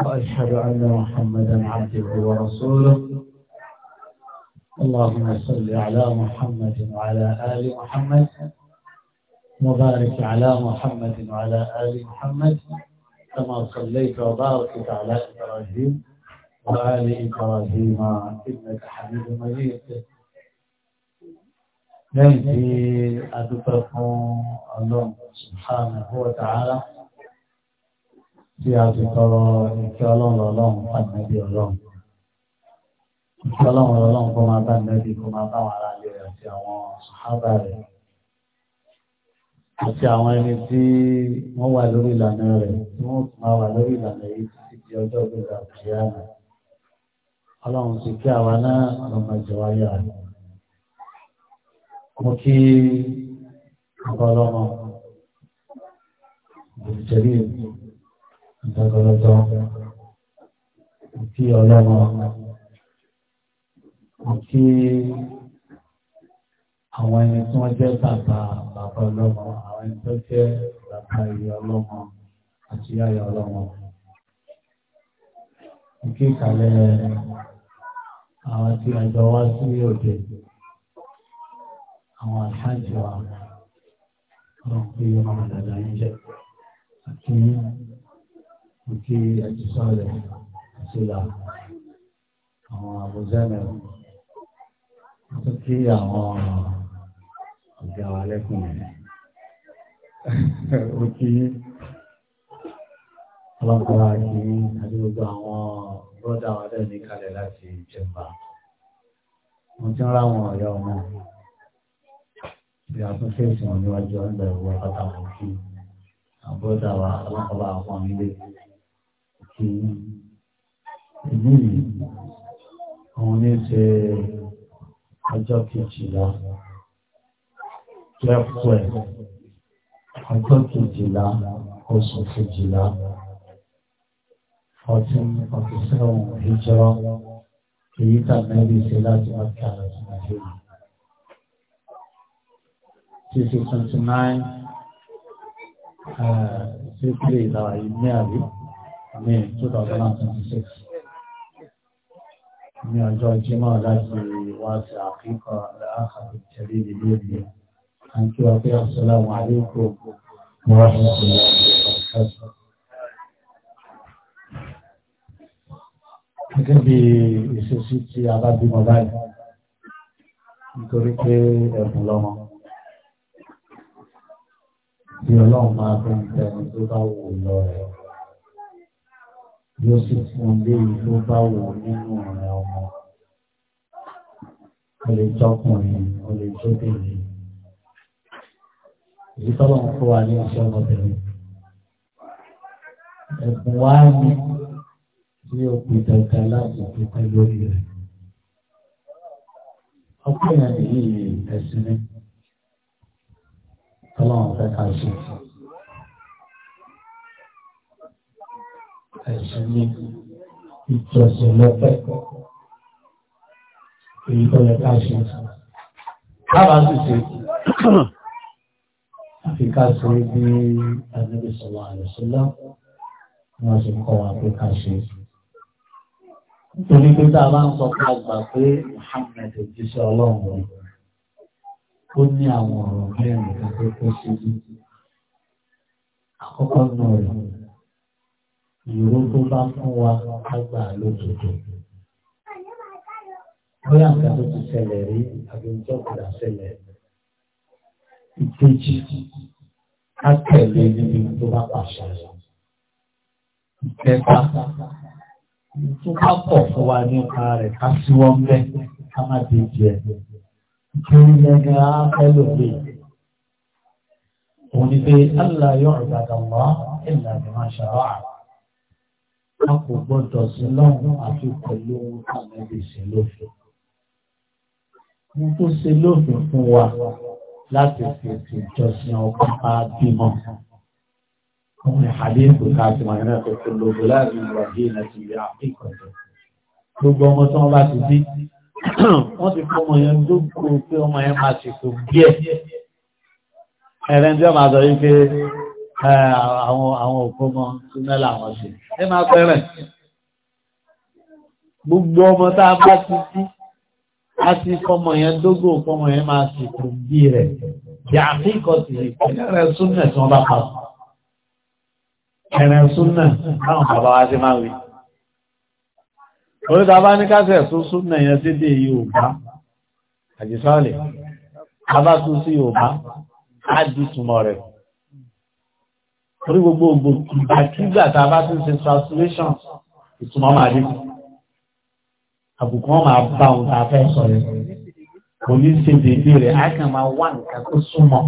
وأشهد أن محمدا عبده ورسوله اللهم صل على محمد وعلى آل محمد وبارك على محمد وعلى آل محمد كما صليت وباركت على إبراهيم وآل إبراهيم إنك حميد مجيد ليتي أدبكم الله سبحانه وتعالى tí a ti tọrọ ìfẹ́ ọlọ́run ọlọ́run ànábì ọlọ́run. Ìfẹ́ ọlọ́run ọlọ́run kó máa bá ànábì kó máa bá àwọn ará ilé rẹ̀ àti àwọn sàhábà rẹ̀. Àti àwọn ẹni tí wọ́n wà lórí ìlànà rẹ̀ tí wọ́n tún máa wà lórí ìlànà yìí títí di ọjọ́ ìgbéga kìíyàmù. Ọlọ́run ti kí àwa náà lọ́mọ ìjọba Mo kí ọ̀pọ̀lọpọ̀ ìjẹ́rí èkó ìdàgbàlọ́jọ́ àti ọlọ́run àti àwọn ẹni tí wọ́n jẹ́ bàbá bàbá ọlọ́run àwọn ẹni tó jẹ́ bàbá ìyá ọlọ́run àti yáyà ọlọ́run. Ìkí ìkàlẹ̀ àwọn tí a jọ wá sí òde àwọn àṣáájú wa ọlọ́run ọmọ dàda yín jẹ́ àti àti àtisọ́ rẹ̀ sílá àwọn àbúzẹ́lẹ̀ tó kí àwọn ọ̀gá wa lẹ́kùnrin ó kí ọlọ́pàá kí àti gbogbo àwọn bọ́dà wa dẹ̀ ní kalẹ̀ láti jẹba mo ti ń rá àwọn ọ̀yọ́ ọmọ ìyá tó fèsì wọn níwájú ọ̀gbẹ̀rún wa pátákó kí àbọ́dà wa ọlọ́pàá àwọn ilé àti ìlú yìí àwọn ní ṣe ọjọ́ kejìlá lẹ́pọ̀ ẹ̀ ọjọ́ kejìlá oṣù kejìlá fourteen forty seven hijra èyí tàbí ṣe láti ọjà àti nàìjíríà títí twenty nine ṣé pé ìlà ìní àbí ní 2026 ní ọjọ́ jímọ̀ láti wá sí àkíkọ̀ láàkàrí tẹ̀lé ìlú ìlú àti wà pé assalamu alaikum wa rahmatullahi wa barakatuh gẹ́gẹ́ bí ìṣesí tí a bá bímọ báyìí nítorí pé ẹ̀bùn lọ́mọ bí ọlọ́run máa fún ìtẹ́ni tó bá wù lọ rẹ̀ yóò sì fún léyìí tó bá wù nínú ọ̀rẹ́ ọmọ. O lè jọkùnrin, o lè jóbìnrin. Èyí tọ́lọ̀ ń fún wa ní ọ̀ṣẹ́ ọmọbìnrin. Ẹ̀bùn wa ni tí o pè dandan láti dúpẹ́ lórí rẹ̀. Ọkùnrin yìí ẹ̀sìn ni. Tọ́lọ̀ ń fẹ́ ká ṣe fún un. ẹ̀sìn ní ìjọsìn lọ́pẹ́ èyí tó yẹ ká ṣe sí. Lábàá sì ṣe àfi ká ṣe bí Ànábì sọ̀rọ̀ àrẹ̀sọ́lá wọ́n ṣe kọ́ wa pé ká ṣe sí. Nítorí pé tá a bá ń sọ pé a gbà pé Muhammad òjíṣẹ́ ọlọ́run rẹ̀ ó ní àwọn ọ̀rọ̀ mẹ́rin kan tó kó sí. Àkọ́kọ́ náà rẹ̀ tó bá fún wa ká gbà lójoojú. Bóyá nǹkan tó ti ṣẹlẹ̀ rí àbí ìjọ padà ṣẹlẹ̀. Ìkejì ká tẹ̀lé níbi tó bá pàṣẹ. Ìkẹta tó bá pọ̀ fún wa nípa rẹ̀ ká sí wọ́n bẹ́ ká má dé jẹ. Ìkiri lẹ́gbẹ̀ẹ́ á fẹ́ lòdì. Òun pé Allah yóò rẹ̀ dàgbà wá ìlànà ìmáṣàrá àrùn a kò gbọdọ̀ sí lọ́run àfi pẹ̀lú ohun tàbí sí lófin. Mo tó ṣe lófin fún wa láti fètò ìjọsìn ọkọ̀ bá bímọ. Àwọn ìhàdí ètò káàkiri wọn náà tó fún lógo láàrin ìwádìí láti ilé àfíkọ̀ jẹ. Gbogbo ọmọ tí wọ́n bá ti bí, wọ́n ti fún ọmọ yẹn dógó pé ọmọ yẹn máa ṣètò díẹ̀. Ẹ̀rẹ́ ń jẹ́ màá sọ pé àwọn àwọn òkú mọ́ súnmọ́ làwọn ṣe ẹ máa pẹ́rẹ̀ gbogbo ọmọ tá a bá ti sí a ti fọmọ yẹn dógò fọmọ yẹn máa sì kú bí rẹ̀ yàtí ìkọsí ẹ̀rẹ̀ súnmọ̀ tí wọ́n bá pa ẹ̀rẹ̀ súnmọ̀ táwọn bàbá wa ṣe máa wí oríta bá ní kásẹ̀ tún súnmọ̀ yẹn sí dé Yorùbá àjísọ́ọ̀lẹ̀ abá tún sí Yorùbá á di túmọ̀ rẹ̀ orí gbogbo ògbò àkígbà tá a bá tún ṣe translation ìtumọ̀ máa rí àbùkù wọn máa ohun tá a fẹ́ sọ rẹ̀ kò ní ṣe dédé rẹ̀ á kàn máa wá nǹkan tó súnmọ́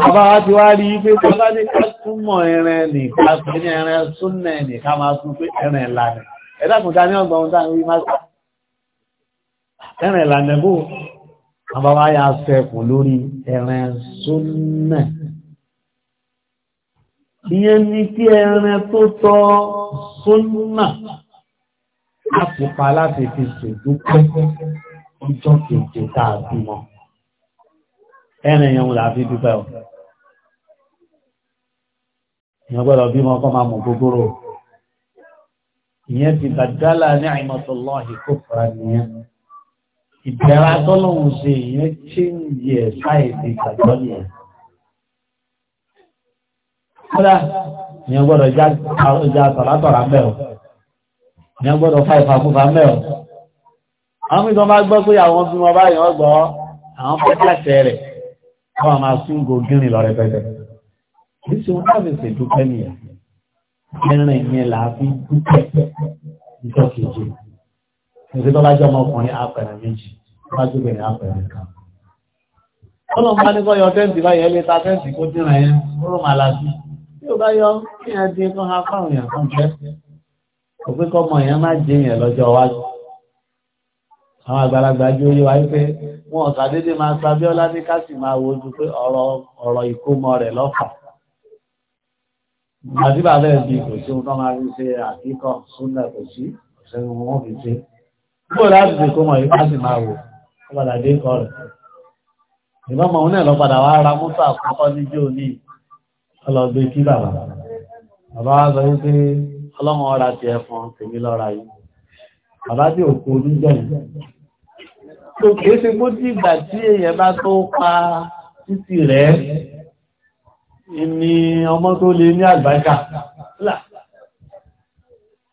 bàbá wa ti wá rí pé tó bá ní ká túmọ̀ ẹran nìkan pé ní ẹran súnnà nìkan máa tún pé ẹran ìlànà ẹ̀dá ta ní ọgbọ̀n ohun tá a rí ẹran ìlànà bò àwọn yà sẹ́kù lórí ẹran súnnà ìyẹn ni kí ẹran tó tọ́ súnnà àpùpá láti fi ṣètò pẹ́ ọjọ́ kejì táà bímọ ẹran èèyàn là fi dúpẹ́ ọ̀ èèyàn gbọ́dọ̀ bímọ kọ́ máa mú gbogbooro ìyẹn ti bàdálà ní àìmọ̀tòlọ́ọ̀hì kò fara nìyẹn ìbẹ̀rẹ̀ atọ́lọ́hùn ṣe ìyẹn ṣe ń yẹ ṣáìsì ìgbàgbọ́ nìyẹn kódà ni ó gbọ́dọ̀ já sọ̀látọ̀rà mẹ́ o ni ó gbọ́dọ̀ fà ìfàkúfà mẹ́ o àwọn ìgbọ́n máa gbọ́ pé àwọn bí wọ́n bá yàn gbọ́ àwọn pẹ́kẹ́lẹ́sẹ̀ rẹ̀ wọ́n máa sún gògìnrin lọ rẹpẹtẹ níṣẹ́ wọn náà fèsì dúpẹ́ nìyà ẹ̀rìn ìyẹn làáfi dúpẹ́ ìjọ kejì níṣẹ́ tó bá jẹ́ ọmọkùnrin apẹ̀rẹ̀ méjì bá jóbìnrin apẹ̀rẹ̀ kan ọlọ́run bá ní yọ tẹ́ǹtì báyẹn lé ta tẹ́ǹtì kó dínà yẹn ó rò máa lásìkò tí ó bá yọ kí ẹ dín tó ha fáwọn èèyàn kan jẹ́ kò pé kọ́ ọmọ èèyàn má jẹ èèyàn lọ́jọ́ iwájú àwọn àgbàlagbà ju oyé wa wípé wọn ọ̀sà dédé máa sa Abíọ́lá ní ká sì máa wojú pé ọ̀rọ̀ ọ̀rọ̀ ìkómọ rẹ̀ lọ́fà àti bàbá ẹ̀ bí kò sí ohun tó máa fi ṣe àkíkọ̀ súnlẹ̀ kò sí ọ̀sẹ̀ ni wọ́n fi ṣe kúrò láti ṣe kómọ yìí ká máa wò ó padà dé kọ rẹ̀ ìbọn mọ̀ náà lọ padà wá ra mọ́tò àkọ́kọ́ níjó ní ọlọ́gbé kí bàbá bàbá sọ wípé ọlọ́mọ ọ̀rà ti ẹ̀fọn tèmi lọ́ra yìí bàbá tí ò kú oníjọ́ yìí tó kìí ṣe kó tí ìgbà tí èèyàn ni ọmọ tó lè ní àgbákà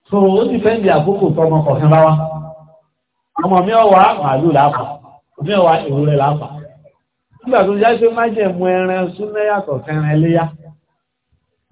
so ó ti fẹ́ di àkókò tọmọ kọ̀ọ̀kan bá wá ọmọ mi ọwà màálù láàpà mi ọwà èrò rẹ̀ láàpà nígbà tó jáde májẹ̀mú ẹran súnmẹ́yàtọ̀ fẹ́ràn ẹléyà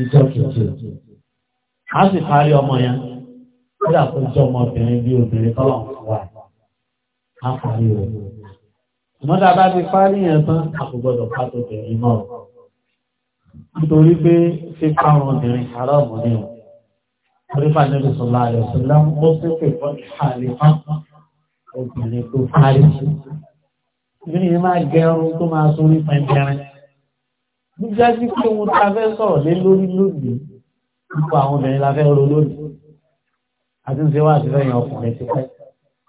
ìjọ kìkì. A sì parí ọmọ yẹn, ó dà kó jẹ́ ọmọbìnrin bí obìnrin tọ́lọ̀ fún wa. A parí rẹ̀. Ìmọ́ta bá ti parí yẹn tán, a kò gbọdọ̀ ká tó bẹ̀rẹ̀ náà. Nítorí pé ṣé káwọn obìnrin àárọ̀ mọ̀ ní ọ̀. Orípa nílùú Sọlá rẹ̀ Sọlá ó sì pè fún ìhàlẹ̀ fún obìnrin tó parí. Ìbí ni máa gẹrun tó máa sórí pẹ̀lú jíjá sí pé ohun tá a fẹ́ sọ̀rọ̀ lé lórí lónìí nípa àwọn obìnrin la fẹ́ ro lónìí àti ń ṣe wá àti fẹ́yìn ọkùnrin ti pẹ́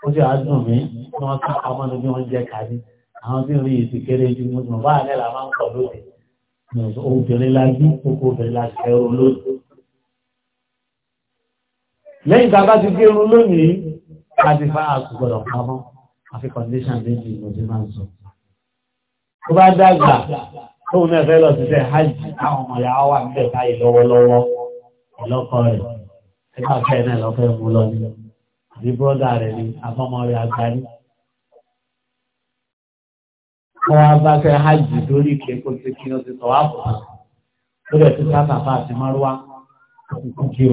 ó sì àádùn mí ní wọ́n ká pamọ́ ní bí wọ́n jẹ́ kàní àwọn tí ń rí èsì kéré ju mo mọ̀ báyìí là máa ń pọ̀ lóde obìnrin la bí gbogbo obìnrin la fẹ́ ro lónìí. lẹ́yìn tá a bá ti gé irun lónìí ká ti fa àtúgbọ̀dọ̀ pamọ́ àfi kọ̀ndíṣàn méjì mo tó ní ẹ̀fẹ́ lọ síṣẹ́ hajj táwọn ọmọ ìyá wà ń bẹ̀ báyìí lọ́wọ́lọ́wọ́ rẹ̀ ẹgbà fẹ́ lọ́fẹ́ mú lọ ní àbí bọ́dà rẹ̀ ní afọ́mọ rẹ̀ agbárí. wọ́n bá fẹ́ hajj lórí ìké kó ti kí ó ti tọ́ àpò ó lè ti sábà fà àti márúwá òkùnkùnkì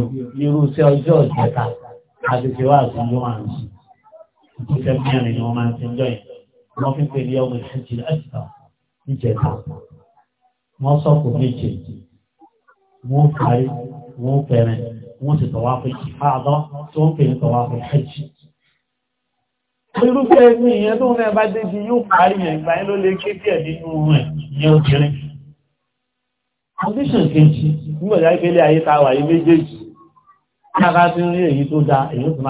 irú sí ọjọ́ ìjẹta àti ti wá àti ìjọ àrùn sí ìṣẹ́ ni wọ́n máa ń ti ń jọ yìí wọ́n fi ń pè ní ọmọ ìṣẹ́jì ìjẹta wọ́n sọ̀kò méje wọ́n parí wọ́n bẹ̀rẹ̀ wọ́n sì tọ̀wá fún ìfáàdọ́ tó ń pè ní tọ̀wá fún ẹ̀jì. irúfẹ́ ẹni ìyẹn tó rẹ̀ bá débi yóò parí ẹ̀ gbà ló lè ké díẹ̀ nínú rẹ̀ ìyẹn obìnrin. condition kejì nígbàdá ìpele ayé ta wà yìí méjèèjì kára tí ń rí èyí tó da èyí tó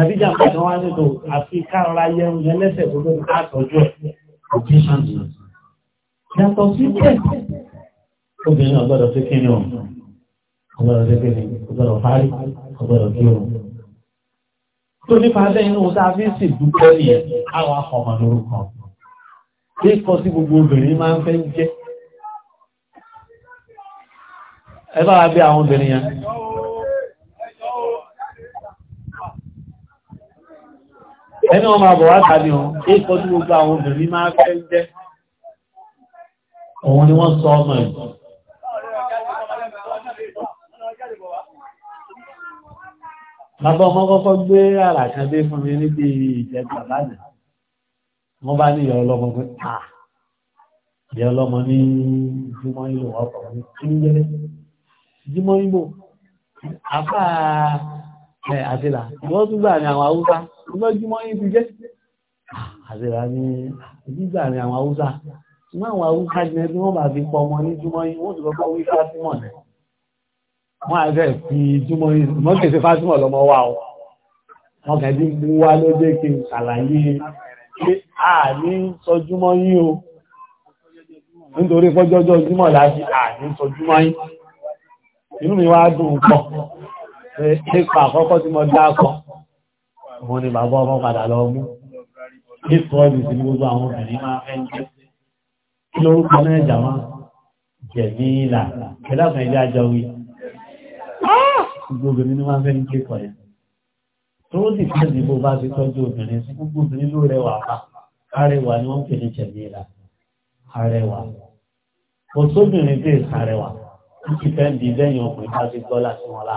àbíjà pàtàkì wá nítò àfi káàrà yẹ oúnjẹ lẹ́sẹ̀ tó lórí àtọ́jú ẹ̀ òkè ṣáàtì yàtọ̀ sí pẹ́ obìnrin ọgbọ́dọ̀ sí kí ni ọ̀ ọgbọ́dọ̀ sí kí ni ọgbọ́dọ̀ parí ọgbọ́dọ̀ kí o tó nípa bẹ́ẹ̀ inú tá a fi sì dúpẹ́ nìyẹn àwọn akọmọ lórúkọ kíkọ sí gbogbo obìnrin máa ń fẹ́ jẹ́ ẹ bá wa bí àwọn obìnrin ẹni wọn máa bọ̀ wá tàbí wọn èkó tí gbogbo àwọn obìnrin máa fẹ́ jẹ́ òun ni wọ́n sọ ọmọ ẹ̀ bàbá ọmọ kọ́kọ́ gbé àrà kan dé fún mi níbi ìjẹta lánàá wọ́n bá ní ìyá pé à ìyá ní jímọ́ ìlò ọkọ̀ ní kí jímọ́ ìlò afáà ẹ àṣìlá wọ́n tún gbà ní àwọn haúsá lọ́júmọ́ yìí ti jẹ́ ah, àṣìlá ní gbígbà ní àwọn haúsá ṣùgbọ́n àwọn haúsá jẹ́ tí wọ́n bá fi pọ ọmọ ní júmọ́ yìí wọ́n ti kọ́kọ́ wí fátímọ̀ rẹ̀ wọ́n á fẹ́ fi júmọ́ yìí mọ́ kèsè fátímọ̀ lọ́mọ wa o wọ́n kàn ti mú wa lóde kí n ṣàlàyé pé a ní yìí o nítorí pọ́jọ́jọ́ júmọ̀ láti a ní sọjúmọ́ yìí inú mi wá dùn pọ̀ nípa àkọ́kọ́ tí mo dákọ́ òun ni bàbá ọmọ padà lọ mú nípa ọdún sí gbogbo àwọn obìnrin máa fẹ́ ń jẹ́ kí lórúkọ náà jà wọ́n jẹ̀mí ìlà kẹlẹ́kùn ilé ajọ wí gbogbo obìnrin ni wọ́n fẹ́ ń jẹ́ pọ̀ yẹn tó sì fẹ́ ní bá ti tọ́jú obìnrin ni wọ́n pè ní jẹ̀mí ìlà arẹwà di lẹ́yìn ọkùnrin bá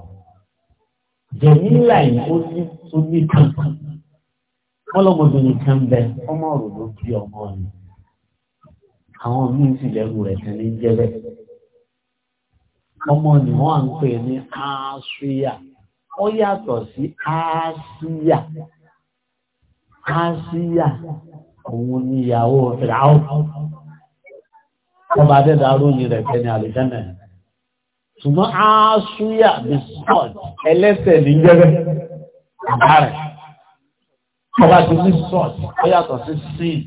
jẹ̀mílà yìí ó ní tó ní kankan wọ́n lọ́mọbìnrin kan bẹ ọmọ ọ̀rọ̀ ló bí ọmọ rẹ̀ àwọn míín sì lẹ́rù rẹ̀ kan ní jẹ́bẹ̀ ọmọ ni wọ́n à ń pè ní aṣíyà ó yàtọ̀ sí aṣíyà aṣíyà òun ni ìyàwó fìlà ọba dẹ́dàá ròyìn rẹ̀ kẹ́ni àlùjẹ́nà yìí ṣùgbọ́n aṣúyà bisọ́ọ̀t ẹlẹ́sẹ̀ ní gẹ́gẹ́ àbárẹ̀ ọba ti ní sọ́ọ̀t ó yàtọ̀ sí sin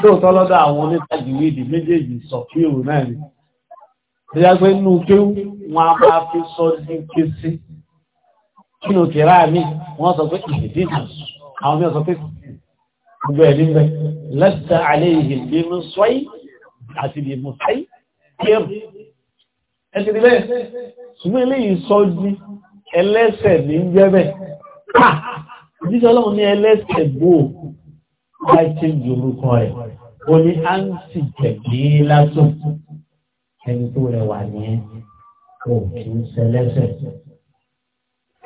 lóòótọ́ lọ́dọ̀ àwọn onítàjìwìdì méjèèjì sọ pé òun náà ni ó yá pé nínú kéwú wọn a máa fi sọ ní kéṣí nínú kẹrà mi wọ́n sọ pé ìdí náà àwọn mìíràn sọ pé gbogbo ẹ̀ níbẹ̀ lẹ́sẹ̀ alẹ́ ìhìndínú sọ́yí àti ìdìmọ̀ sọ́yí kéwù ẹ̀sìn bẹ́ẹ̀ ṣùgbọ́n eléyìí sọ́jí ẹlẹ́sẹ̀ ní jẹ́bẹ̀ jíjẹ́ ah! ọlọ́run ní ẹlẹ́sẹ̀ bò láì ṣe jòrúkọ rẹ̀ ó ní á ń sì tẹ̀lé e lásán ẹni tó rẹwà ní ò kì í ṣẹlẹ́sẹ̀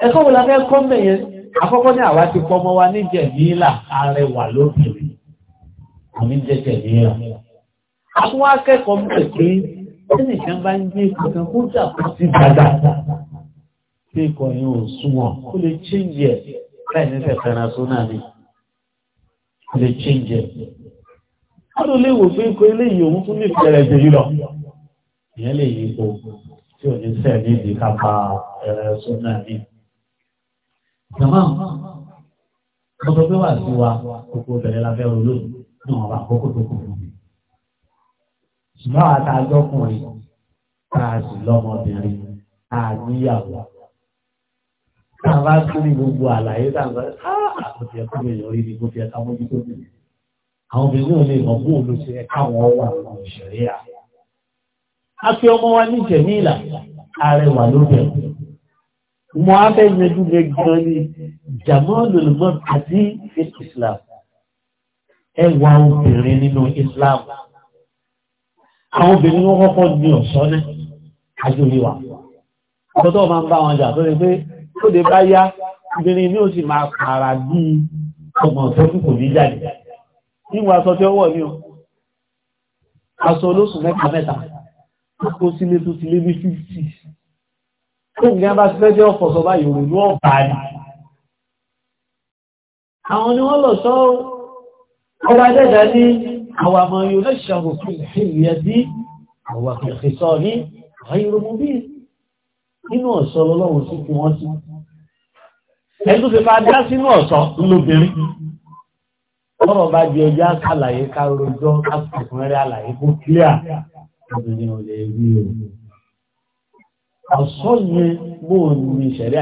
ẹ̀kọ́ wo la fẹ́ kọ́ mẹ́yẹn àkọ́kọ́ ní àwa ti kọ́ ọmọ wa ní jẹ̀bílà arẹwà lóbìnrin àmì jẹ́ jẹ̀bílà àwọn akẹ́kọ̀ọ́ mẹ́rin Ẹnì kan bá ń gbé ipò kan kó dà kó sí dada. Ṣé ikọ̀ yẹn ò súnwọ̀n? Ó lè chíǹjì ẹ̀ láì nífẹ̀ẹ́ fẹ́ràn tó náà ni. Ó lè chíǹjì ẹ̀. Ọdún lè wò pé ikọ̀ eléyìí òun tún nífẹ̀ẹ́ rẹ̀ jẹ́ yìí lọ. Ìyẹn lè yí ipò tí ò ní sẹ́ẹ̀ ní ìdí ká pa ẹ̀rẹ̀ tó náà ni. Jàmá, ọ̀sọ̀ pé wà sí wa, kòkòrò bẹ̀rẹ̀ la fẹ́ ronú, náà wà kókò tó kò fún mi ṣùgbọ́n àtà lọ́kùnrin táà sì lọ́mọbìnrin táà níyàwó táà bá tún ní gbogbo àlàyé táà bá kò ah, tiẹ̀ kúrò ìyọrí ni kò tiẹ̀ ká mójú tó nìyẹn àwọn obìnrin ò lè mọ̀ bó ló ṣe ẹ káwọn wà fún ìṣẹ̀rí à. a fi ọmọ wa ní ìjẹ̀mí ìlà arẹwà lóbẹ̀rẹ̀ mo á fẹ́ yanjú rẹ̀ gan ni jamal olùmọ̀ àti islam ẹwà obìnrin nínú islam. islam àwọn obìnrin wọ́n kọ́kọ́ ní ọ̀ṣọ́ ní àjòyíwà ọ̀tọ́ ma ń bá wọn jà tó rí pé tó lè bá yá obìnrin ní ó sì máa pààrà bí ọmọ tó kù kò ní jáde níwọ̀n aṣọ tí ó wọ̀ ní o aṣọ olóṣù mẹ́ta mẹ́ta kó sílé tó sílé bí fífì tó ń gán bá ti fẹ́jẹ́ ọ̀fọ̀ sọ bá yòrò ní ọ̀bà ni àwọn ni wọ́n lọ sọ ọba dẹ́dà ní àwọn àmọ́ yóò lè ṣàrò fún ìfìyà dí àwọn àfẹ́fẹ́sọ́ ní ayéromobí nínú ọ̀ṣọ́ lọ́wọ́n sí fi wọ́n sí ẹni tó fi bá dá sínú ọ̀ṣọ́ lóbìnrin ọ̀rọ̀ bá di ẹjá kàlàyé károjọ́ kásìkúnrẹ́ àlàyé kó kílíà obìnrin ò lè rí o ọ̀ṣọ́ yẹn bóò ìṣẹ̀rí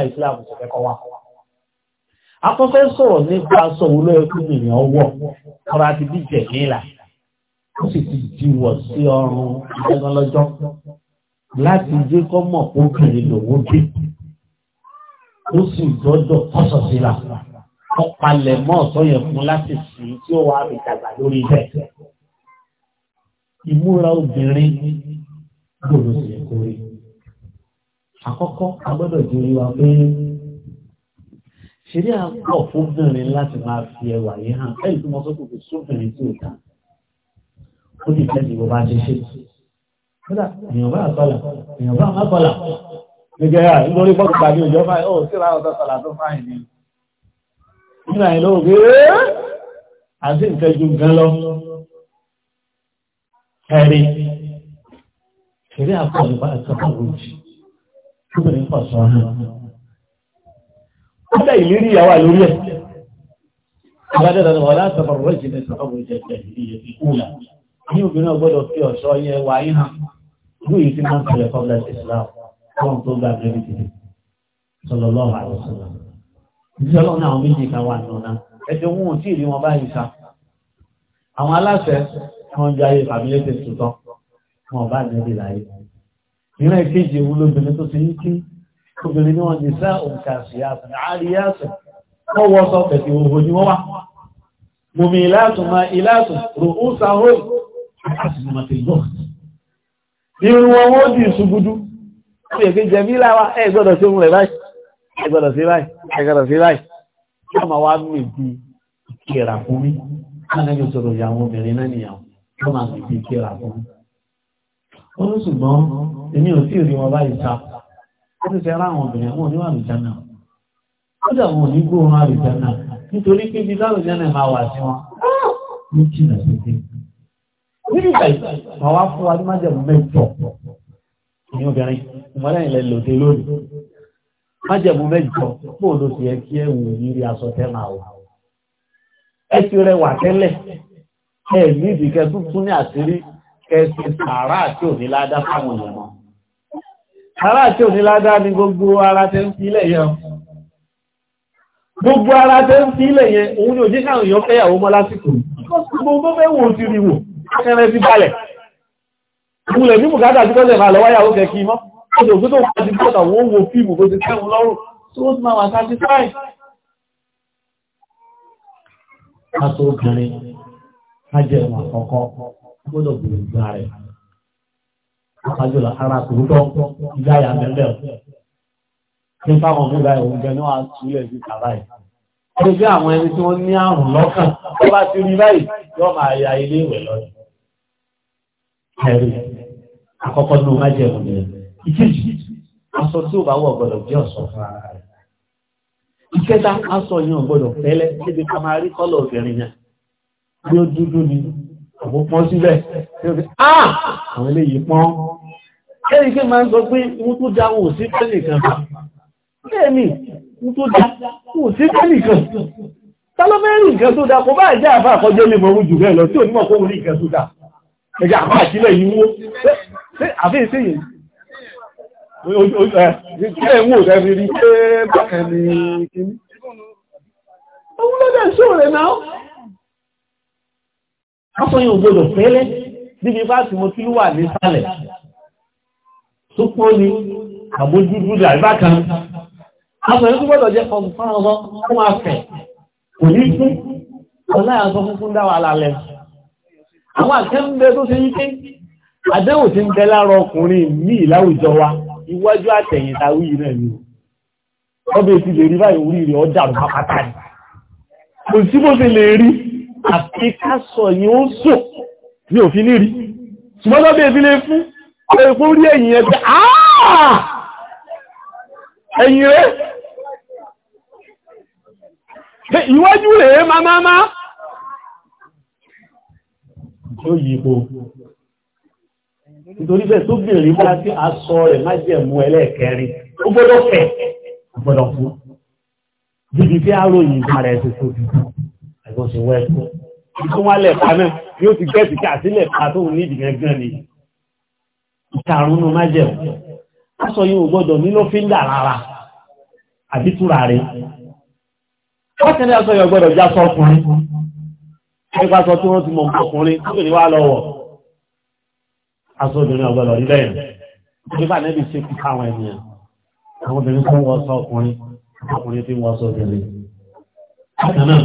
ó sì ti diwọ̀ sí ọrùn ìjẹ́gán lọ́jọ́ láti jẹ́ kọ́ mọ̀ kó kiri lòun dé ó sì gbọ́dọ̀ kọ́sọ̀ sí la ó palẹ̀ mọ́ ọ̀tọ́ yẹn fún láti sì tí ó wà á fi dàgbà lórí bẹ́ẹ̀. ìmúra obìnrin gbòòrò sí ẹ̀kọ́ àkọ́kọ́ a gbọ́dọ̀ di orí wa pé ṣeré àpọ̀ fóbìnrin láti máa fi ẹwà yìí hàn ẹ̀yìn tí mo sọ pé kò sóbìnrin tí ò ó ti fẹ́ ìwọ bá ṣe ṣe. Kódà èèyàn bá àkọlà, èèyàn bá àwọn àkọlà. Gẹ́gẹ́ rà nítorí pọ́ọ̀kì tàbí òjò fáì, ó sì láwọn tó sọ̀là tó fáì ni. Nínú àyìn ló gbé àti ìtẹ́jú gan lọ. Ẹ̀rí. Ṣeré àkọlù bá àtọ́kọ̀ òjì. Kúbìrín pọ̀ sọ ọ́nà. Ó dá ìlérí ìyàwó àlórí ẹ̀. Àbájáde ọ̀la àtọ̀kọ̀ òjì ni ìtọ́kọ̀ òjì ẹ̀jẹ̀ ní obìnrin ọgbọ́dọ̀ fi ọ̀ṣọ́ yẹ wà yí hàn ní èyí tí wọ́n tẹ̀lé public Islam fún tó gbà bẹ́ẹ̀ ti sallallahu alaihi wasallam ìṣẹ́ ọlọ́run àwọn méjì kan wà nùnà ẹjọ́ wọn ò tí ì rí wọn báyìí sa àwọn aláṣẹ wọn jẹ ayé fàmílẹ tẹ tuntun wọn bá nẹbi láyé ìran ìkejì ewu lóbìnrin tó ti ń kí obìnrin ni wọn lè sá òǹkà síyàtọ̀ àríyàtọ̀ wọn wọ sọ pẹ̀tì òhò ni wọn wà mùmí ìlàtùmá ìlàtùm rò ó sa Irun wọn ó dì ṣubúdú. Ó yẹ kí jẹ mí láwá, ẹ gbọ́dọ̀ sí ohun rẹ̀ báyìí, ẹ gbọ́dọ̀ sí báyìí, ẹ gbọ́dọ̀ sí báyìí. Ṣé máa wá mú ìdí ìkẹrà fún mi? Ánẹ́bí sọ̀rọ̀ ìyàwó obìnrin náà nìyàwó, ó máa mú ìdí ìkẹrà fún mi. Ó ní ṣùgbọ́n èmi ò tí ì rí wọn báyìí sá. Ó ti fẹ́ ráwọn obìnrin wọn níwà lùjá náà. Ó dà wọn ní gbóhùn àlùjá náà nítorí pé bí lálùjá náà máa wà sí wọn. Ó jìnà níbi ìgbàyìí máa wá fún wa mẹ́jọ ní obìnrin ìmọ̀lẹ́ ilẹ̀ lòdì lónìí májẹ̀mú mẹ́jọ bóò ló ti yẹ kí ẹ wù aṣọ tẹ́ wà ẹ ti rẹwà tẹ́lẹ̀ ẹ ní ìdíkẹ́ tuntun ní àṣírí kẹsì sàárà tí ò ní ládá fáwọn èèyàn mọ́ akẹ́rẹ́ sí balẹ̀ múlẹ̀ ní bùkátà tí kọ́lẹ̀ máa lọ́wọ́yàwó kẹ́kí mọ́ ọdọ̀ tó tó wọ́n ti bọ́ta wọ́n wo fíìmù tó ti kẹ́rùn lọ́rùn tó ó ti máa wà sátífáì látó obìnrin ajẹ́ ìwà kọ̀ọ̀kọ́ gbọ́dọ̀ bèrè ìgbà rẹ̀ àpájọ́lá ara tòótọ́ ìdáyà mẹ́lẹ̀ ní fáwọn múra ẹ̀wọ̀n jẹ ní wà túlẹ̀ sí kàbáyì ó ti gbé àwọn ẹni tí wọ́n ní àrùn lọ́kàn tó bá ti rí báyìí yọ́ máa ya ilé ìwẹ̀ lọ́dún ẹ̀rí àkọ́kọ́ ní ọmọ ajẹ́ ìwọ̀n rẹ̀. Ìkejì, aṣọ tí ó bá wọ̀ gbọ́dọ̀ jẹ́ ọ̀ṣọ́ fún ara rẹ̀. Ìkẹta, aṣọ yẹn ò gbọ́dọ̀ fẹ́lẹ́ síbi ká máa rí kọ́lọ̀ obìnrin yẹn. Bí ó dúdú ni, àbó pọ́n síbẹ̀. Ah! Àwọn eléyìí pọ́n. Kéèrè kí máa ń sọ pé mú tó dá wò sí pẹ́ nìkan. Bẹ́ẹ̀ni, mú tó dá wò sí pẹ́ nìkan. Tálọ́mẹ́rì nǹkan tó dá kò bá jẹ́ ẹjẹ́ àbá àjílẹ̀ yìí wó àfihàn sí yìí kílẹ̀ ń wò sẹ́fì rí pé bákan ní kíní òun lọ́dẹ̀ sí òrẹ̀ náà aṣọ ògbòdò fẹ́lẹ́ níbi bá ti mo tí wà ní sálẹ̀ tó pọ́ ni àbójúdú dàbákan aṣọ yìí gbọ́dọ̀ jẹ́ kọ̀ọ̀fà ọ̀rọ̀ afẹ́ kò ní fún ọlá àwọn àkẹ́mbẹ tó ṣe yíké àdéhùn ti ń bẹ lára ọkùnrin ní ìláwùjọ wa iwájú àtẹ̀yìntà wíì náà ni ọbẹ̀ ti lè rí báyìí orí rẹ̀ ọjà pàpàtà ni kò sí bó ṣe lè rí àti kásọ̀ ni ó sò ní òfin ní rí ṣùgbọ́n lọ́bẹ̀ ti lè fún ọ̀rọ̀ ìpó rí ẹ̀yìn ẹgbẹ́ ẹ̀yìn rẹ̀ iwájú rẹ̀ máa máa máa yóò yí ipò nítorí bẹ́ẹ̀ tó bèèrè bá tí a sọ rẹ̀ má jẹ́ mú ẹlẹ́ẹ̀kẹrin ó gbọ́dọ̀ fẹ̀ gbọ́dọ̀ fún bíbi tí a ròyìn ìgbà rẹ̀ ti tó bí ẹ̀gbọ́n sì wẹ́ tó ìtún wá lẹ̀ pa náà yóò ti gẹ́ẹ̀tì ká sílẹ̀ pa tó ní ìdìgẹ́ gan ni ìkarùn-ún má jẹ́ mú a sọ yìí ò gbọ́dọ̀ nínú fíńdà rárá àbí túra rẹ̀ wọ́n ti ní a sọ yìí ò gbọ́dọ̀ já sọ́kùnrin nípa sọ tí wọ́n ti mọ̀ ọkùnrin tó ní wá lọ́wọ́ aṣọ obìnrin ọ̀gbọ̀lọ̀ rí bẹ́ẹ̀ nípa nẹ́bí ṣe kí káwọn ènìyàn àwọn obìnrin tó ń wọ sọ ọkùnrin ọkùnrin tí wọ́n sọ obìnrin kàkànnà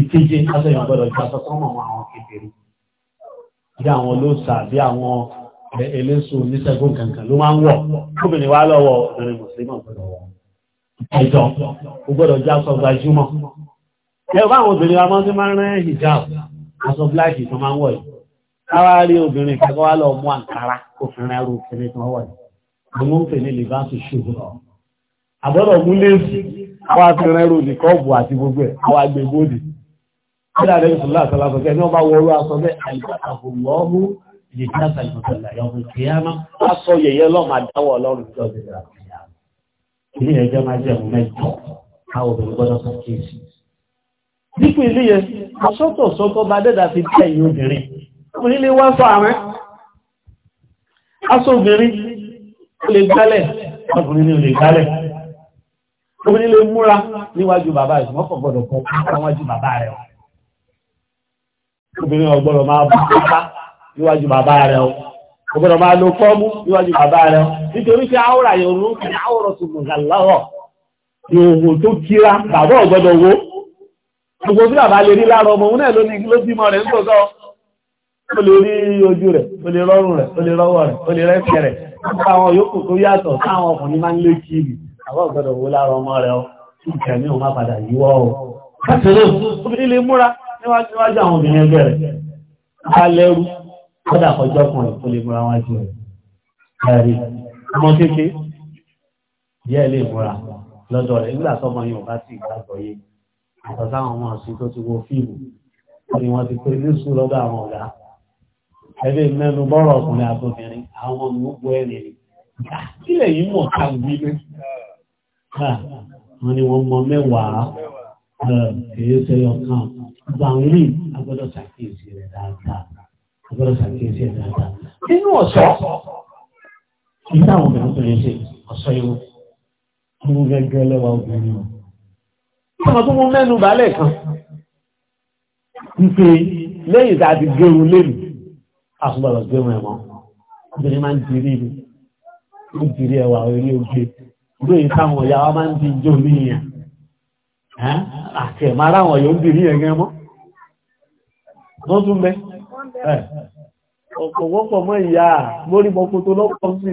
ìkeje aṣọ ìyọ̀gbọ̀lọ̀ ìgbàsọ sọ́mọ̀ àwọn kékeré bí àwọn olóòṣà bí àwọn eléso oníṣẹ́gun kankan ló máa ń wọ̀ obìnrin wá lọ́wọ́ obìnrin mùsùlùmí ọ̀gbọ̀lọ̀ wọ̀ ẹ̀jọ̀ ó gbọ́dọ̀ já sọ gbajúmọ̀ ẹ̀bá àwọn obìnrin wa mọ́ sí máa rán hijab aṣọ bláàkì tó máa ń wọ̀ yìí káwá rí obìnrin kẹ́kọ́ wá lọ mú àǹkárá kó fi rán ẹrù kiri tó wọ̀ yìí mo mú ń pè ní libasu ṣòro àbọ̀dọ̀ mú léèsì káwá fi rán ẹrù ní kọ́ọ̀bù àti gbogbo ẹ̀ káwá gbé bóde nígbà tó sùn láti ọlá sọ̀kẹ́ ní wọ́n bá wọrú aṣọ bẹ́ẹ̀ àlùbàtàfọ̀lọ́hù ìdíjáta ìmọ̀tàlá yọmọ kìíyàmá obìnrin gbọ́dọ̀ sọ kéèsì dípò ilé yẹn ọ̀ṣọ́tọ̀ sọ́kọ́ bá dẹ́dà fi bí ẹ̀yìn obìnrin mo nílé wá sọ àárẹ́ aṣọ obìnrin ó lè gbálẹ̀ ọkùnrin ni ó lè gbálẹ̀ obìnrin lè múra níwájú bàbá rẹ̀ wọ́n kò gbọ́dọ̀ kọ́ níwájú bàbá rẹ̀ obìnrin ọgbọ́dọ̀ máa bú pápá níwájú bàbá rẹ̀ ọgbọ́dọ̀ máa lo fọ́ọ̀mù níwájú bàbá rẹ̀ nítorí pé àwòrán yòrùn kí àwòrán tó mọ̀gàláwọ̀ yòòwò tó kíra bàbá ọgbọ́dọ̀ wo gbogbo bí bàbá lè rí lára ọmọ òun náà ló ní ló bímọ rẹ̀ nítòótọ́ ó lè rí ojú rẹ̀ ó lè rọrùn rẹ̀ ó lè rọwọ́ rẹ̀ ó lè rẹ́sẹ̀ rẹ̀ àwọn yòókù tó yàtọ̀ táwọn ọkùnrin máa ń lé kiri àwọn ọ̀gbọ́dọ̀ wo lára ọmọ rẹ̀ ọ ìkẹ́ ní òun padà yíwọ́ o kásìlẹ̀ obìnrin lè múra níwájú àwọn obìnrin ẹgbẹ́ rẹ̀ bá lẹ́rú àtàtà àwọn ọmọ àṣì tó ti wo fíìmù ni wọ́n ti pè ní sùn lọ́dọ̀ àwọn ọ̀gá ẹgbẹ́ mẹ́nu bọ́rọ̀ ọkùnrin àtòkìnrin àwọn gbogbo ẹni kílẹ̀ yìí mọ̀ ká gbílé wọ́n ni wọ́n mọ mẹ́wàá èyí ṣe ọkàn gbà ń rí agbọ́dọ̀ ṣàkíyèsí rẹ̀ dáadáa agbọ́dọ̀ ṣàkíyèsí rẹ̀ dáadáa nínú ọ̀ṣọ́ ìdáhùn mẹ́rin tó lè ṣe ọ̀ṣọ́ irú irú gẹ́gẹ́ lẹ́wà obìnrin ọmọ tó mú mẹ́nu balẹ̀ kan wípé lẹ́yìn tá a ti gẹrun lẹ́nu àfúgbàlọ̀ gẹrun ẹ̀mọ́ obìnrin máa ń dirí ibi ó dirí ẹwà orí oge lóyìn táwọn ìyá wa máa ń di ijó ní ìyàn àti ẹ̀mọ́ aráwọn yóò ń dirí ẹ̀gẹ́ mọ́ wọ́n tún bẹ́ ọ̀pọ̀ wọ́pọ̀ mọ́ ìyá mórí mọ́kótó lọ́pọ̀ sí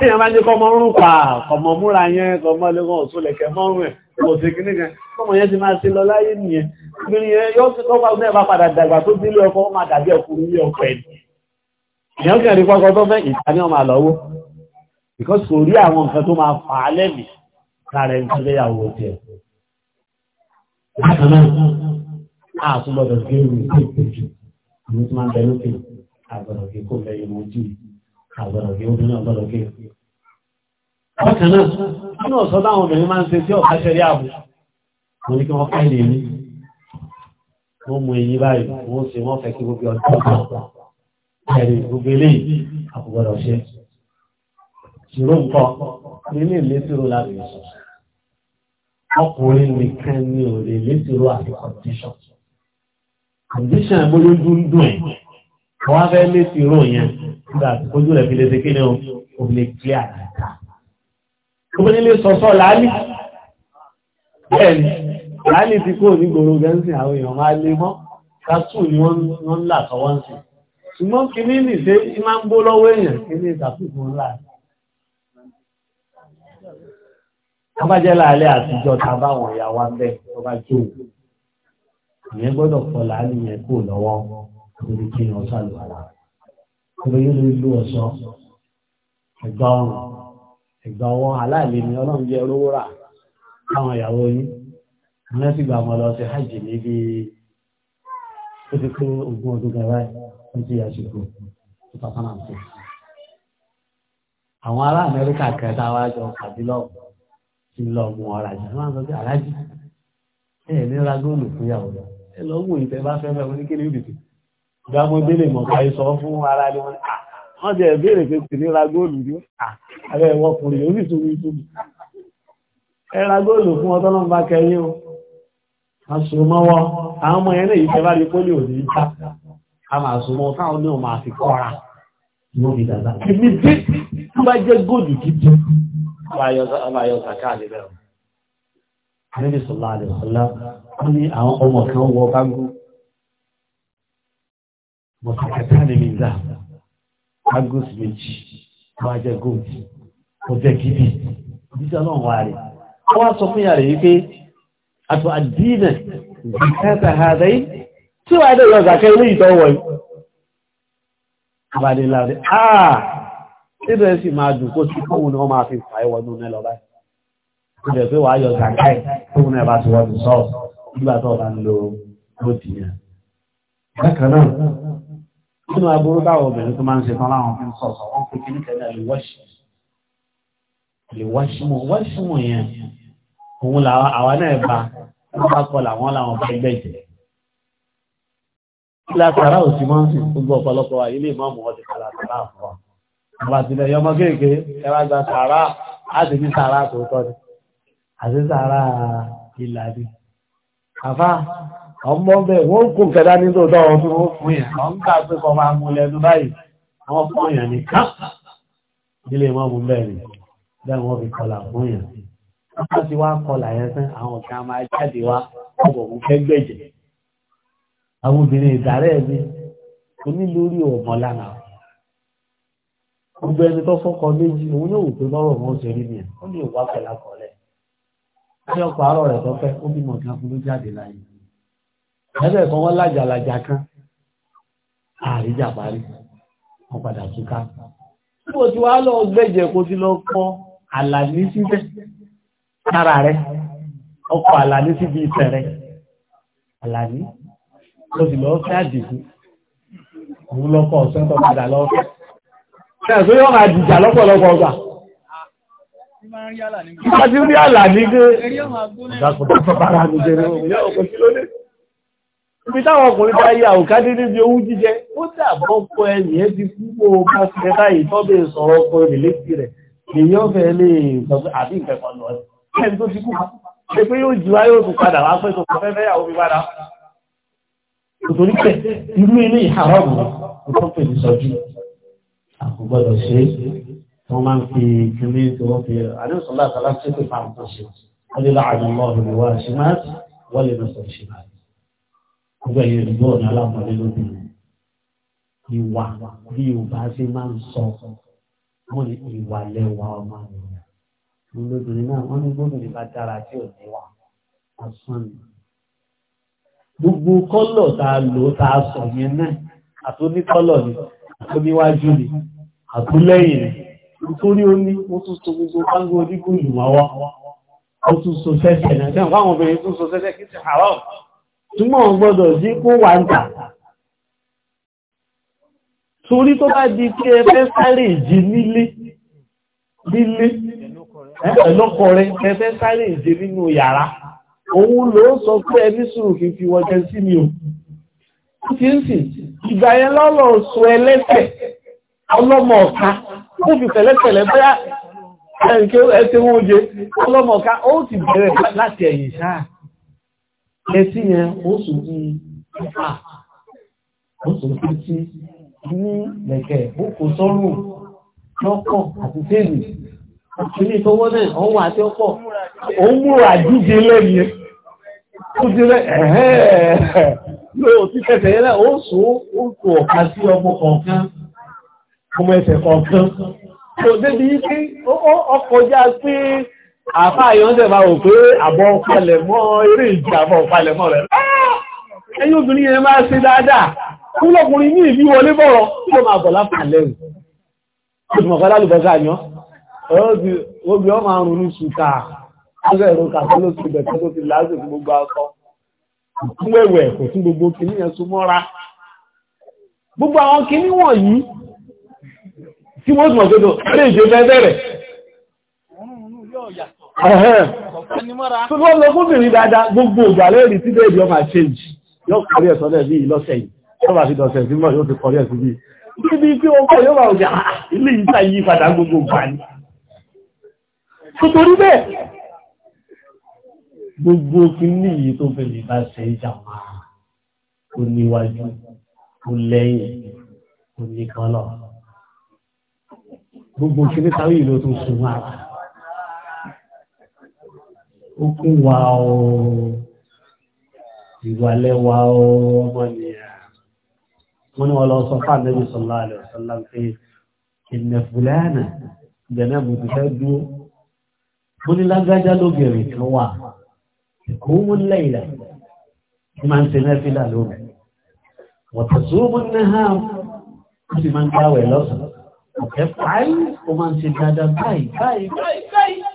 tí èèyàn bá ní kọmọ rún pa kọmọ múra yẹn kọmọ lẹ́gbọ́n òṣùlẹ̀kẹ́ mọ́rún ẹ̀ kò sí kí nìkan kọmọ yẹn ti máa ti lọ láyé nìyẹn obìnrin yẹn yóò ti tọ́pá ní ẹ̀bá padà dàgbà tó bí ilé ọkọ ó máa dàbí ọkùnrin ilé ọkọ ẹ̀ èèyàn kàn rí pọkọ tó fẹ́ ìta ní ọmọ àlọ́wọ́ because kò rí àwọn nǹkan tó máa fà á lẹ́mìí lára ẹni tó léyàwó tiẹ̀ bákan náà àtúbọ̀dọ̀ gé àgbọ̀dọ̀ obìnrin máa ń wọ́n mú èyí báyìí wọ́n ṣe wọ́n fẹ́ kí gbogbo ọjọ́ ọ̀pọ̀ ẹ̀rì gbogbo eléyìí àkùgbọ̀dọ̀ ṣe ṣòro nǹkan nínú ìlésìrò láti sọ ọkùnrin nìkan ni ò lè lésìrò àti condition wọ́n fẹ́ lé sí ìró yẹn nígbà ojú rẹ̀ fi lè ṣe kí ni o lè kí àdáta. obìnrin lè sọ̀sọ́ láálì bẹ́ẹ̀ni láálì ti kó ní gbòòrò gẹ́ǹsì àwọn èèyàn máa lé mọ́ kásù ni wọ́n ń là sọ́wọ́ ń sìn ṣùgbọ́n kìíní nì ṣe máa ń bó lọ́wọ́ èèyàn kìíní ìtàkùnkùn ńlá abájẹ́ láàlẹ́ àtijọ́ ta bá wọn ìyá wa bẹ́ẹ̀ tó bá jó ìyẹn gbọ́dọ̀ pọ̀ láálì yẹn kò lọ́wọ́ lórí kí wọ́n sálù àlá. Ìgbà yóò lè lo ọ̀ṣọ́, ẹ̀gbà ọrùn, ẹ̀gbà ọwọ́ aláìlè ni ọlọ́run jẹ́ olówó rà káwọn ìyàwó yín. Àwọn ẹ̀sìn gbà wọn lọ sí hajj níbi ó ti pé ogún ọdún gàrá ẹ̀ ti àsìkò tó tàbí náà tó. Àwọn ará Amẹ́ríkà kẹta wá jọ pàdé lọ́wọ́ ti lọ mú ọ̀rà jù. Wọ́n á sọ pé aláàjì ẹ̀ ní ra góòlù fún ìyàwó Ẹ lọ mú bá fẹ́ fẹ́ wọn ní kéde ìdìbò dámọ́délé mọ̀ká ìsọ fún ara lé wọn ah, wọ́n jẹ́ ìbéèrè pé kì ní ra góòlù ní ah, ààrẹ ìwọ̀kùnrin orí ìtòwú ìtòwú ẹ ra góòlù fún ọtọ́ náà bá kẹyìn o a so mọ́wọ́ àwọn ọmọ ẹ̀rẹ́ yìí tẹ́lá rí pólì òní ta a máa so mọ́ káwọn ní ọmọ àti kọ́ra ìwọ dé tó bá jẹ́ góòlù gidi ọba ayọ̀ sàkà lè bẹ̀rù àníbi mọ̀kàkàtà ni mi zà agus méjì máa jẹ gold mo jẹ gidi jíjẹ náà wà rẹ̀ wọ́n á sọ fún yàrá yìí pé àtò àdínà ìkẹta ààrẹ tí wà dẹ̀ yọ zàkẹ́ ilé ìtọ́wọ̀ yìí abàdé láàrin àà nínú ẹ̀ sì máa dùn kó sí fóun ni wọ́n máa fi fà ẹwọ nínú ẹlọ báyìí ó jẹ́ pé wàá yọ zàkẹ́ fóun ẹ̀ bá ti wọ́n ti sọ́ọ̀ nígbà tó bá ń lo nínú aburú báwọn obìnrin tó máa ń ṣe tán láwọn fi ń sọ̀sọ̀ wọ́n pè kíní kẹ́lẹ́ àlèwọ́ṣímù wọ́ṣímù yẹn òun làwọn àwa náà bá wọ́n bá pọ̀ làwọn làwọn bá ẹgbẹ́ ìjẹ́ látara òsì máa ń sìn gbogbo ọ̀pọ̀lọpọ̀ wa ilé ìmọ̀ ọ̀mọ̀ ọ̀dẹ̀ kàlàkàlà àfọ̀ ọba tilẹ̀ yọmọ kéèkéé ẹ wá gba sàárà ọmọ bẹ́ẹ̀ wọ́n kò kẹ́dá ní tó dọ́wọ́ fún ó fún yẹn wọ́n ká pé kọ máa mú lẹ́nu báyìí wọ́n fún yẹn ní ká wọn mú bẹ́ẹ̀ ni bẹ́ẹ̀ wọ́n fi kọlà fún yẹn wọ́n ti wá kọlà yẹn tán àwọn kan máa jáde wá ọ̀bọ̀ kò fẹ́ gbẹ̀jẹ̀ àwọn obìnrin ìdárẹ́ mi onílórí ọmọ lánà gbogbo ẹni tó fọ́kọ méjì òun yóò wò pé bọ́rọ̀ wọn ṣe rí nìyẹn ó ní ìwà pẹ̀lá kọ̀ọ̀lẹ̀ ṣé ọkọ̀ àárọ̀ tó fẹ́ ó bímọ kan fún ló jáde láyé ẹ̀rẹ́ kan wọ́n lájàlájà kan àríjà parí wọ́n padà túká níbo tí wàá lọ gbẹ̀jẹ̀ kó ti lọ kọ́ àlàní síbẹ̀ lára rẹ̀ ọkọ̀ àlàní síbi ìfẹ́ rẹ̀ àlàní ló sì lọ fẹ́ àdìgún òun lọ́kọ̀ ọ̀sán tó padà lọ fẹ́ ẹ̀sùn yóò máa dìjà lọ́pọ̀lọpọ̀ ọgbà Ìpàdé ní àlàní gẹ́ ọ̀dàkùnrin bàbára mi jẹ́ ní ọmọ ìyá ọkọ̀ sí lónìí ibi táwọn ọkùnrin bá yà òká dédé bí owó jíjẹ ó dàbọ́ pọ̀ ẹni ẹ ti kú bó bá ti rẹ báyìí tọ́bẹ̀ sọ̀rọ̀ ọkọ̀ rẹ̀ létí rẹ̀ èyí ọ̀fẹ́ lè sọ kan lọ ẹni tó ti kú ṣe pé yóò jù wá yóò tún padà wá pé sọ pé fẹ́fẹ́ yàwó mi padà nítorí pé irú ilé ìhàrọ̀mù tó pè ní sọ́jú àkùgbọ́dọ̀ ṣe wọ́n máa ń fi gbogbo ẹ̀yìn ìdúgbò ọ̀nà alábọ̀lẹ́ lóbìnrin ìwà bí yorùbá ṣe máa ń sọ wọn ni ìwà lẹwà ọmọ ènìyàn ní lóbìnrin náà wọn ní gbóbìnrin bá dára tí ò ní wà asán ni gbogbo kọ́lọ̀ tá a lò tá a sọ yẹn náà àtúní ni àtúníwájú ni àtúlẹ́yìn ni nítorí ó ní ó tún so gbogbo káńgó onígun ìwà wa ó tún so sẹ́sẹ̀ náà sẹ́wọ̀n fáwọn obìnrin tún so sẹ́sẹ̀ kí ti hàwá ọ̀ túmọ̀ gbọ́dọ̀ sí kó wà ń tà torí tó bá di kí ẹ fẹ́ sáré ìjì nílé nílé ẹ̀lọ́kọ̀ rẹ̀ ẹ fẹ́ sáré ìjì nínú yàrá òun ló sọ pé ẹni sùúrù kí fi wọ́jẹ sí mi o ó ti ń sì ìgbà yẹn lọ́lọ́ sọ ẹlẹ́sẹ̀ ọlọ́mọ ọ̀ka ó fi pẹ̀lẹ́pẹ̀lẹ́ bẹ́ẹ̀ ẹ̀kẹ́ ẹ̀tẹ́wọ́n oúnjẹ ọlọ́mọ ọ̀ka ó ti bẹ̀rẹ̀ láti ẹ̀yìn sáà ẹsí yẹn ó sùn di ẹ̀fà ó sùn di tí ní lẹ̀kẹ̀ ó kò sọ́rùn lọ́kọ̀ àti tẹ́lì ìṣẹ́lẹ̀ ìtọwọ́ náà ọwọ́ àti ọkọ̀ ó ń múra jíjẹ lẹ́yìn ó ti rẹ̀ ẹ̀hẹ́ẹ̀ yóò ti tẹ̀sẹ̀ yẹn náà ó sùn ó tù ọ̀ka sí ọmọ kọ̀ọ̀kan ọmọ ẹsẹ̀ kọ̀ọ̀kan kò débi pé ọkọjá pé àfá àyọ́nsẹ̀ máa wò pé àbọ̀ palẹ̀ mọ́ eré ìjì àbọ̀ palẹ̀ mọ́ rẹ̀ ah! ẹ̀yìn obìnrin yẹn máa ṣe dáadáa kúlọ̀kùnrin ní ìbí wọlé bọ̀rọ̀ tí ó máa bọ̀ lápàlẹ̀ gbogbo àwọn kìíní wọ̀nyí tí wọ́n túnmọ̀ pé tó lè jẹ́ bẹ́ẹ̀ bẹ̀rẹ̀ tó wọ́n lọ fúnbìnrin dáadáa gbogbo ìgbà lẹ́rìí tí bẹ́ẹ̀ yọ máa change yóò kọrí ẹ̀sọ́ náà bí lọ́sẹ̀ yìí yóò bá fi dọ̀sẹ̀ sí mọ́ yóò ti kọrí ẹ̀sọ́ bí níbi tí ó kọ́ yóò bá ọjà ah, ilé ìta yí padà gbogbo ìgbà ni nítorí bẹ́ẹ̀ gbogbo kìíní yìí tó bẹ̀rẹ̀ bá ṣe ìjàmà ó níwájú ó ní kọ́lọ̀ ìlú tó sùn máa ó kó wa o ìwàlẹ̀ wa o ọmọ nìyàn wọ́n ní wọ́n lọ sọ fún ànábì sọ̀lá àlẹ́ ọ̀sọ́lá pé ìnẹ̀ fúlẹ́ẹ̀nà ìjẹ̀nà bùtù fẹ́ dúró mo ní lágbájá lóbìnrin kan wà kò mú lẹ́yìnlẹ̀ tí máa ń ṣe mẹ́fìlà lóru wọ̀tẹ̀sùnmù náà ó sì máa ń gbáwẹ̀ lọ́sàn ọ̀kẹ́ fàáyì ó máa ń ṣe dáadáa báyìí báyìí báyìí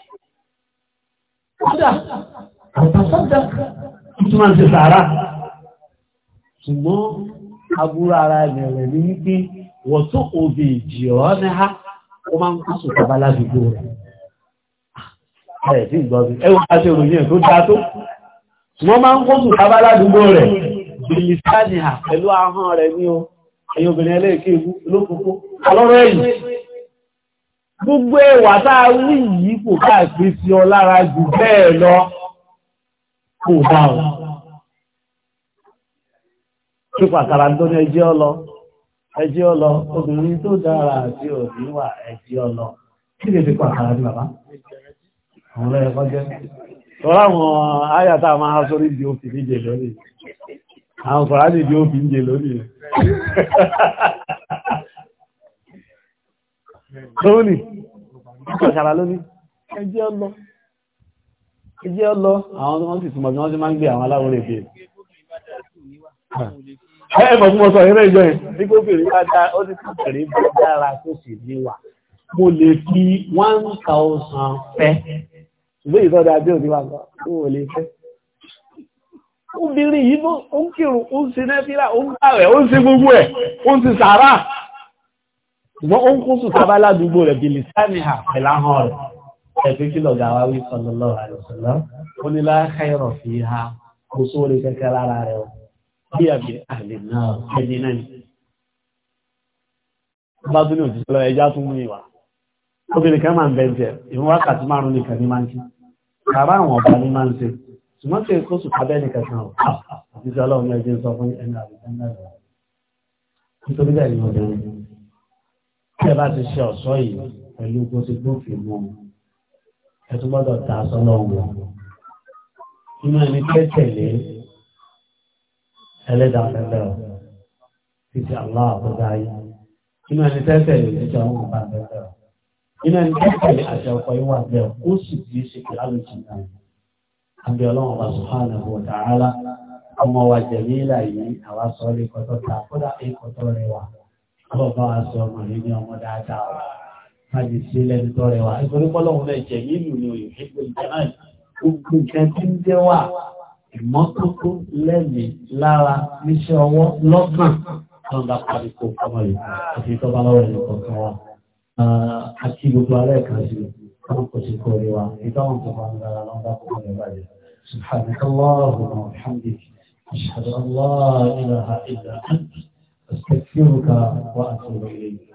kódà àtàsọ́dà tuntun máa ń ṣe sàárà ṣùgbọ́n aburú ara ìrẹ̀lẹ̀ ní wípé wọ́n tó òbí ìjì ọ́ ní ha ó máa ń kó sùn tabala dùgbò rẹ̀ ah, ẹ̀ sí ìgbọ́ bí ẹwọ́n bá ṣe ròyìn tó dá tó wọ́n máa ń kó gbogbo ẹwà tá a wí yìí kò káàkiri sí ọ lára jù bẹ́ẹ̀ lọ kò dá o. ṣé pàkàrà tó ní ẹjẹ́ ọ lọ ẹjẹ́ ọ lọ obìnrin tó dára àti òbí wà ẹjẹ́ ọ lọ kí lè fi pàkàrà ní bàbá àwọn ọlọ́yẹ kan jẹ́ tọ́lá àwọn áyàtà máa sórí di òfin níje lónìí àwọn fọ̀rá nídi òfin níje lónìí lónì ìkọ̀ṣàrà lónìí ẹjẹ́ ọlọ ẹjẹ́ ọlọ àwọn wọ́n sì túnmọ̀ bí wọ́n sì máa ń gbé àwọn aláwọ̀ rẹ̀ bíi ẹ̀mọ̀ fún ọsọ ìrẹ́ ìjọ yìí ní gómìnà bá dá ó ní kàkàrí bá dára tó sì one thousand fẹ́ ṣùgbọ́n ìtọ́jú adé òní wà sọ mo lè fẹ́ obìnrin yìí ó ń kírun ó ń ṣe nẹ́fílà ó ń gbàwẹ̀ ó ń ṣe gbogbo ẹ̀ ó ń ṣe sàárà ṣùgbọ́n ó ń kún sùn tábá ládùúgbò rẹ̀ bí lìsáàmì hà pẹ̀láhàn rẹ̀ ẹ̀fẹ́ kí lọ̀gá wa wí sallallahu alaihi wasallam ó ní la khayra fiha kò sóore kẹ́kẹ́ lára rẹ̀ ó bí àbí àlè náà ẹni náà ni. bá tún ní òjijì lọ ẹja tún mú ìwà obìnrin kan máa ń bẹ́ẹ̀ tẹ̀ ìwọ̀n wákàtí márùn-ún nìkan ní máa ń kí kàrá àwọn ọba ní máa ń ṣe ṣùgbọ́n tí èkó sùn tábẹ́ nìkan kan ò àti tẹ́ bá ti ṣe ọ̀ṣọ́ yìí pẹ̀lú bó ti gbófin mọ́ ẹ tún gbọ́dọ̀ ta aṣọ náà wọ̀ inú ẹni tẹ́tẹ̀lé ẹlẹ́dàá fẹ́fẹ́ ọ̀ títí aláwọ̀ àkọ́dá yìí inú ẹni tẹ́tẹ̀lé títí àwọn ọba fẹ́fẹ́ ọ̀ inú ẹni tẹ́tẹ̀lé àti ọkọ̀ yìí wà bẹ́ẹ̀ ó sì ti ṣe pé alùpùpù náà àbí ọlọ́run ọba subhanahu wa ta'ala ọmọ wa jẹ̀mí ìlà yìí àwa sọ ọ́ lé kọ́tọ́ ta kódà èkó tó rẹwà ọlọ́ba aṣọ ọmọ yìí ní ọmọ dáadáa ọ̀ láti sí lẹ́nu tó rẹwà nítorí pọ́lọ́hún náà jẹ́ yìí ní òyìn ìgbẹ́ ìjọba gbogbo nǹkan tí ń jẹ́ wà ìmọ́tótó lẹ́mí lára níṣẹ́ ọwọ́ lọ́gbọ̀n tó ń bá parí kó ọmọ yìí àti tó bá lọ́wọ́ ẹ̀yìn kọ̀ọ̀kan wa àti gbogbo alẹ́ kan sí wọn kò sí kó rí wa ìtọ́wọ̀n tó bá ń dára lọ́n أستغفرك وأتوب إليك